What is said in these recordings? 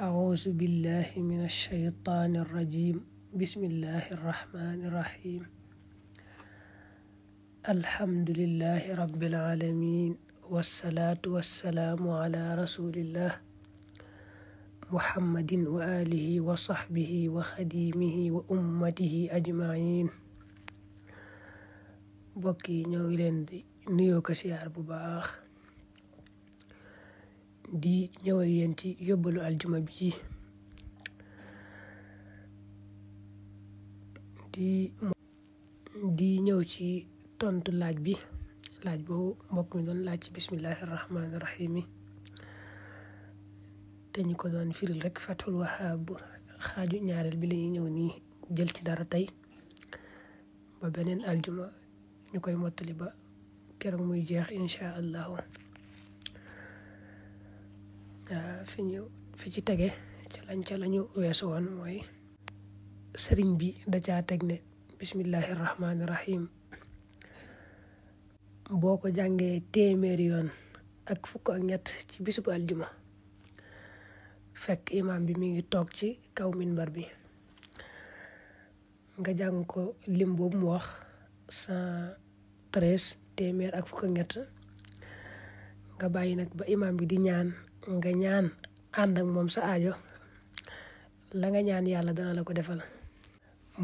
أعوذ بالله من الشيطان الرجيم بسم الله الرحمن الرحيم الحمد لله رب العالمين والصلاة والسلام على رسول الله محمد وآله وصحبه وخديمه وأمته أجمعين بكي نيو لين نيو كسيار بباخ di ñëw ak yéen ci yóbbalu aljuma bi di di ñëw ci tontu laaj bi laaj boobu mbokk mi doon laaj ci bismillahi rahmaani rahim yi dañu ko doon firil rek fathul wahab xaaju ñaareel bi lañuy ñëw nii jël ci dara tey ba beneen aljuma ñu koy mottali ba keroog muy jeex incha allahu Euh, fi ñu fi ci tege ca lañ ca la ñu woon mooy sëriñ bi da caa teg ne bismillahi rahmaani rahim boo ko jàngee téeméeri yoon ak fukk ak ñett ci bisu aljuma fekk imaam bi mi ngi toog ci kaw minbar bi nga jàng ko lim boobu mu wax cent treize téeméer ak fukk ak ñett nga bàyyi nag ba imaam bi di ñaan nga ñaan ànd ak moom sa aajo la nga ñaan yàlla dana la ko defal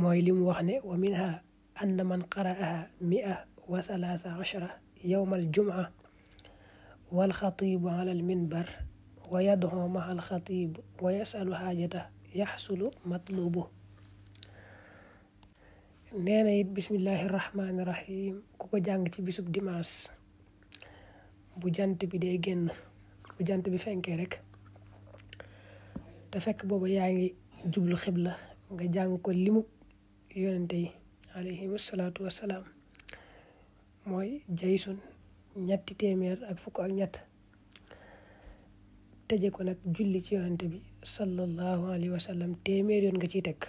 mooy li mu wax ne wa minha ann man qara'aha mi'a wa salaasa ashara yowma aljumaa والخطيب على المنبر ويدعو مع الخطيب ويسأل حاجته يحصل مطلوبه neena it bismillahi rahmaani rahim ku ko jàng ci bisub dimaas bu jant bi day génn bu jant bi fenkee rek te fekk boobu yaa ngi jublu xibla nga jàng ko limu yonente yi alayhimu salaatu wassalaam mooy jaysun ñetti téeméer ak fukk ak ñett tëje ko nag julli ci yonente bi sallallahu alayhi wa sallam yoon nga ciy teg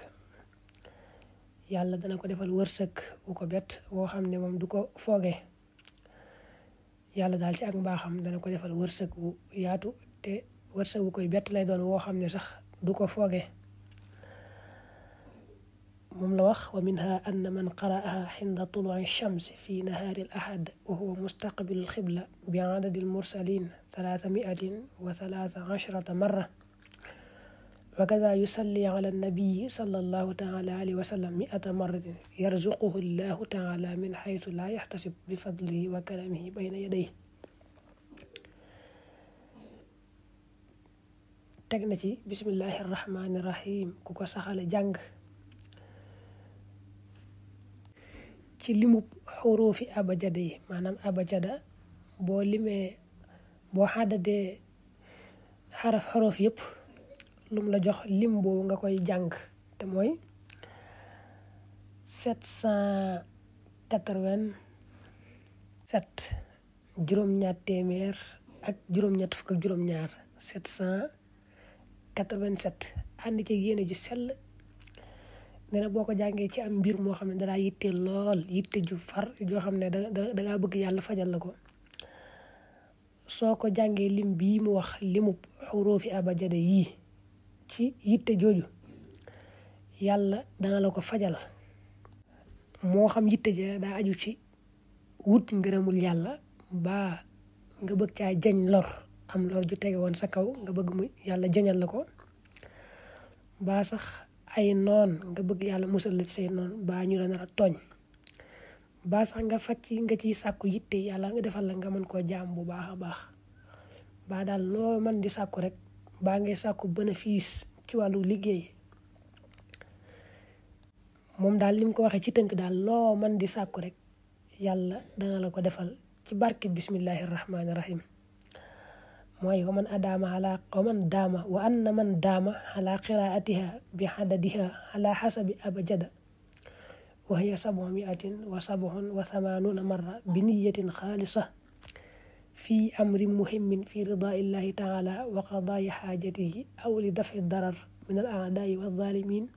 yàlla dana ko defal wërsëg bu ko bett boo xam ne moom du ko foogee yàlla daal ci ak mbaaxam dana ko defal wërsëg wu yaatu te wërsëg wu koy bett lay doon woo xam ne sax du ko fooge moom la wax wa minha an man qara'aha xinda tuluci chamsi fi nahaari al ahad wa huwa mustaqbilu alxibla bi adadi almursalin talaata miatin wa talaata ashrata marra وكذا يصلي على النبي صلى الله تعالى عليه وسلم مئة مرة يرزقه الله تعالى من حيث لا يحتسب بفضله وكرمه بين يديه تقنتي بسم الله الرحمن الرحيم كوكو سخال جانج تلمب حروف أبجدي مانام أبجدا بولمي بوحادة حرف حروف يبه lu la jox lim boobu nga koy jàng te mooy sept cent quatre-vingt-sept juróom-ñaar téeméer ak juróom ñaar sept cent quatre-vingt-sept ànd ci yéene ju sell nee na boo ko jàngee ci am mbir moo xam ne dalaa yitte lool yitte ju far joo xam ne da bëgg yàlla fajal la ko soo ko jàngee lim bii mu wax limu xuruufi abajada yii ci yitte jooju yàlla dana la ko fajal moo xam yitte ja daa aju ci wut ngërëmul yàlla baa nga bëgg caa jañ lor am lor ju tege woon sa kaw nga bëgg mu yàlla jañal la ko baa sax ay noon nga bëgg yàlla musal la ci say noon baa ñu la nar a tooñ baa sax nga faj nga ciy sàkku yitte yàlla nga defal la nga mën koo jaam bu baax a baax daal loo di sàkku rek baa ngay sàkku bénéfice ci wàllu liggéey moom daal li mu ko waxee ci tënk daal loo man di sàkku rek yàlla dana la ko defal ci barke bismillahi rahmaani rahim mooy wa man adaama ala wa man daama wa anna man daama ala qiraatiha bi xadadiha ala xasabi abajada wa hiya sab'u miatin wa sab'un wa thamaanuna marra bi niyatin xaalisa في أمر مهم في رضا الله تعالى وقضاء حاجته أو لدفع الضرر من الأعداء والظالمين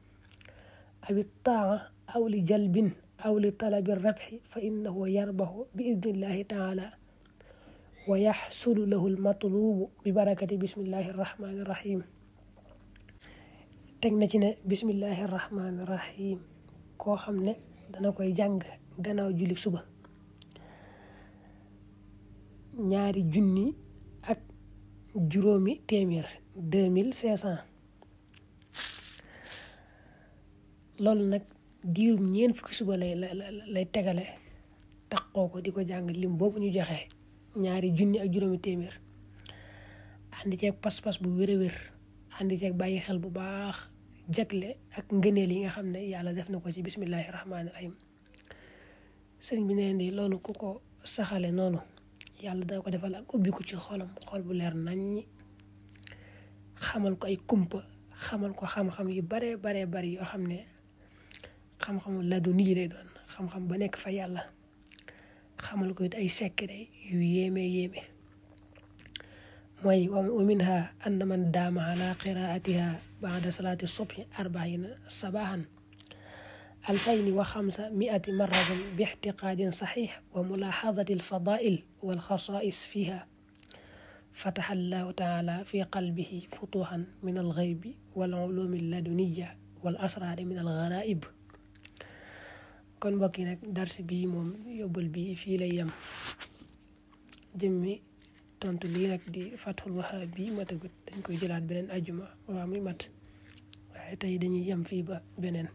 أو الطاعة أو لجلب أو لطلب الربح فإنه يربح بإذن الله تعالى ويحصل له المطلوب ببركة بسم الله الرحمن الرحيم تكنتنا بسم الله الرحمن الرحيم كوحمنا دانا كوي xam ne dana koy ñaari junni ak juróomi téeméer deux mille cinq loolu nag diirum ñeent fukki suba lay lay tegale taxoo ko di ko jàng lim boobu ñu joxe ñaari junni ak juróomi téeméer ànd ceeg pas-pas bu wér-wér ànd ceeg bàyyi xel bu baax jagle ak ngëneel yi nga xam ne yàlla def na ko ci bismillahi rahmaani rahim sëriñ bi nee di loolu ku ko saxale noonu yàlla dana ko defal ak ubbi ko ci xolam xol bu leer naññi xamal ko ay kumpa xamal ko xam-xam yu baree baree bari yoo xam ne xam-xamu ladu nii lay doon xam-xam ba nekk fa yàlla xamal ko it ay secret yu yéeme yéeme mooy wa minha anna man daama ala qiraatiha baada salaati subhi arbaina sabahan 2005 مئة مرة باحتقاد صحيح وملاحظة الفضائل والخصائص فيها فتح الله تعالى في قلبه فتوحا من الغيب والعلوم اللدنية والأسرار من الغرائب كون بكينا درس بي موم يوبل بي في ليام جمي تونت لي نك دي فتح الوهابي ما تغوت دنجكو جيلات بنن أجمع وامي مات تاي دانيي يام في با بنن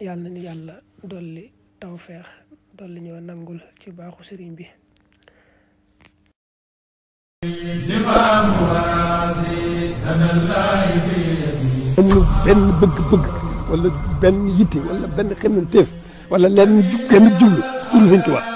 yàlla nañu yàlla dolli tawfeex dolli ñoo nangul ci baaxu sëriñ bi amul benn bëgg-bëgg wala benn yitte wala benn xemmanteef wala lenn ju benn jublu pour ci wax